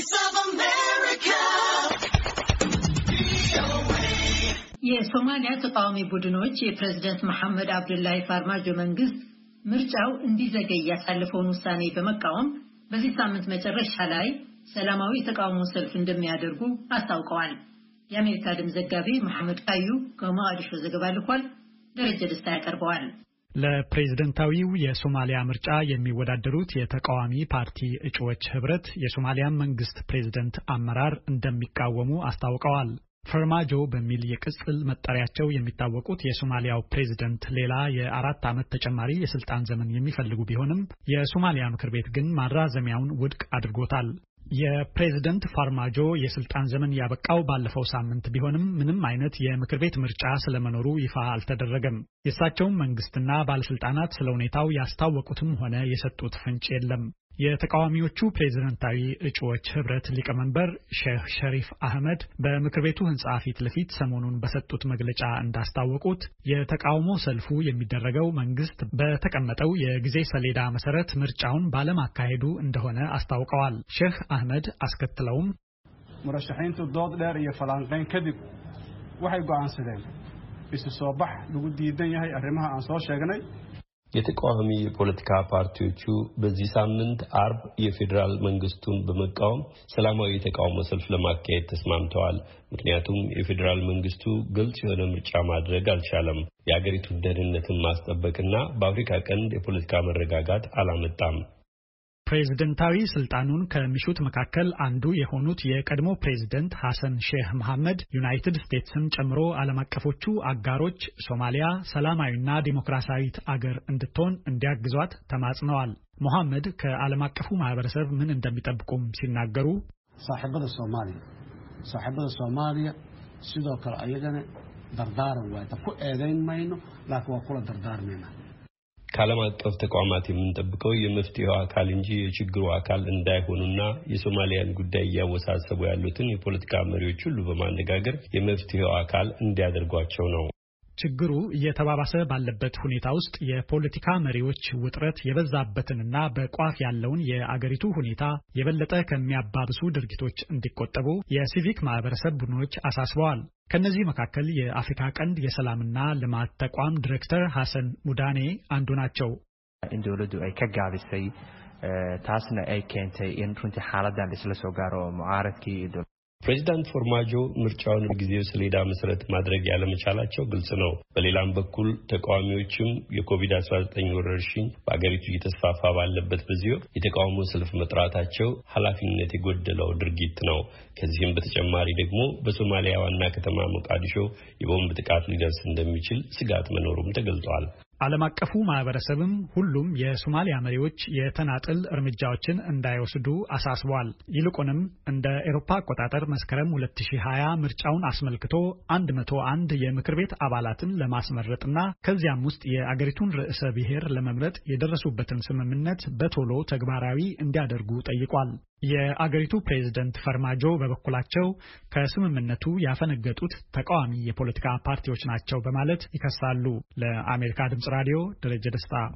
Voice of America. የሶማሊያ ተቃዋሚ ቡድኖች የፕሬዝደንት መሐመድ አብዱላሂ ፋርማጆ መንግስት ምርጫው እንዲዘገይ ያሳለፈውን ውሳኔ በመቃወም በዚህ ሳምንት መጨረሻ ላይ ሰላማዊ የተቃውሞ ሰልፍ እንደሚያደርጉ አስታውቀዋል። የአሜሪካ ድምፅ ዘጋቢ መሐመድ ካዩ ከሞቃዲሾ ዘገባ ልኳል። ደረጀ ደስታ ያቀርበዋል። ለፕሬዝደንታዊው የሶማሊያ ምርጫ የሚወዳደሩት የተቃዋሚ ፓርቲ እጩዎች ህብረት የሶማሊያን መንግስት ፕሬዝደንት አመራር እንደሚቃወሙ አስታውቀዋል። ፈርማጆ በሚል የቅጽል መጠሪያቸው የሚታወቁት የሶማሊያው ፕሬዝደንት ሌላ የአራት ዓመት ተጨማሪ የስልጣን ዘመን የሚፈልጉ ቢሆንም የሶማሊያ ምክር ቤት ግን ማራዘሚያውን ውድቅ አድርጎታል። የፕሬዝደንት ፋርማጆ የስልጣን ዘመን ያበቃው ባለፈው ሳምንት ቢሆንም ምንም አይነት የምክር ቤት ምርጫ ስለመኖሩ ይፋ አልተደረገም። የእሳቸውም መንግስትና ባለስልጣናት ስለ ሁኔታው ያስታወቁትም ሆነ የሰጡት ፍንጭ የለም። የተቃዋሚዎቹ ፕሬዝደንታዊ እጩዎች ህብረት ሊቀመንበር ሼህ ሸሪፍ አህመድ በምክር ቤቱ ህንፃ ፊት ለፊት ሰሞኑን በሰጡት መግለጫ እንዳስታወቁት የተቃውሞ ሰልፉ የሚደረገው መንግስት በተቀመጠው የጊዜ ሰሌዳ መሰረት ምርጫውን ባለማካሄዱ እንደሆነ አስታውቀዋል። ሼህ አህመድ አስከትለውም ሙረሻሒንቱ ዶድ ደር የፈላንቀን falanqeyn kadib ጓአንስደን go'aansadeen isu soo bax lagu diidan የተቃዋሚ የፖለቲካ ፓርቲዎቹ በዚህ ሳምንት አርብ የፌዴራል መንግስቱን በመቃወም ሰላማዊ የተቃውሞ ሰልፍ ለማካሄድ ተስማምተዋል። ምክንያቱም የፌዴራል መንግስቱ ግልጽ የሆነ ምርጫ ማድረግ አልቻለም፣ የአገሪቱን ደህንነትን ማስጠበቅና በአፍሪካ ቀንድ የፖለቲካ መረጋጋት አላመጣም። ፕሬዝደንታዊ ስልጣኑን ከሚሹት መካከል አንዱ የሆኑት የቀድሞ ፕሬዝደንት ሐሰን ሼህ መሐመድ ዩናይትድ ስቴትስን ጨምሮ ዓለም አቀፎቹ አጋሮች ሶማሊያ ሰላማዊና ዲሞክራሲያዊት አገር እንድትሆን እንዲያግዟት ተማጽነዋል። መሐመድ ከዓለም አቀፉ ማህበረሰብ ምን እንደሚጠብቁም ሲናገሩ ሳሕበደ ሶማሊያ ሳሕበደ ሶማሊያ ሲዶ ከል አየገነ ደርዳረን ዋይታ ኩ ኤደይን ማይኖ ላክ ዋኩለ ደርዳርሜና ከዓለም አቀፍ ተቋማት የምንጠብቀው የመፍትሄው አካል እንጂ የችግሩ አካል እንዳይሆኑና የሶማሊያን ጉዳይ እያወሳሰቡ ያሉትን የፖለቲካ መሪዎች ሁሉ በማነጋገር የመፍትሄው አካል እንዲያደርጓቸው ነው። ችግሩ እየተባባሰ ባለበት ሁኔታ ውስጥ የፖለቲካ መሪዎች ውጥረት የበዛበትንና በቋፍ ያለውን የአገሪቱ ሁኔታ የበለጠ ከሚያባብሱ ድርጊቶች እንዲቆጠቡ የሲቪክ ማህበረሰብ ቡድኖች አሳስበዋል። ከእነዚህ መካከል የአፍሪካ ቀንድ የሰላምና ልማት ተቋም ዲሬክተር ሐሰን ሙዳኔ አንዱ ናቸው። dowladdu ay ka gaabisay taasna ay keentay ፕሬዚዳንት ፎርማጆ ምርጫውን በጊዜው ሰሌዳ መሰረት ማድረግ ያለመቻላቸው ግልጽ ነው። በሌላም በኩል ተቃዋሚዎችም የኮቪድ-19 ወረርሽኝ በአገሪቱ እየተስፋፋ ባለበት በዚህ ወቅት የተቃውሞ ሰልፍ መጥራታቸው ኃላፊነት የጎደለው ድርጊት ነው። ከዚህም በተጨማሪ ደግሞ በሶማሊያ ዋና ከተማ ሞቃዲሾ የቦምብ ጥቃት ሊደርስ እንደሚችል ስጋት መኖሩም ተገልጧል። ዓለም አቀፉ ማህበረሰብም ሁሉም የሶማሊያ መሪዎች የተናጥል እርምጃዎችን እንዳይወስዱ አሳስቧል። ይልቁንም እንደ ኤሮፓ አቆጣጠር መስከረም 2020 ምርጫውን አስመልክቶ 101 የምክር ቤት አባላትን ለማስመረጥና ከዚያም ውስጥ የአገሪቱን ርዕሰ ብሔር ለመምረጥ የደረሱበትን ስምምነት በቶሎ ተግባራዊ እንዲያደርጉ ጠይቋል። የአገሪቱ ፕሬዝደንት ፈርማጆ በበኩላቸው ከስምምነቱ ያፈነገጡት ተቃዋሚ የፖለቲካ ፓርቲዎች ናቸው በማለት ይከሳሉ። ለአሜሪካ ድምፅ ራዲዮ ደረጀ ደስታ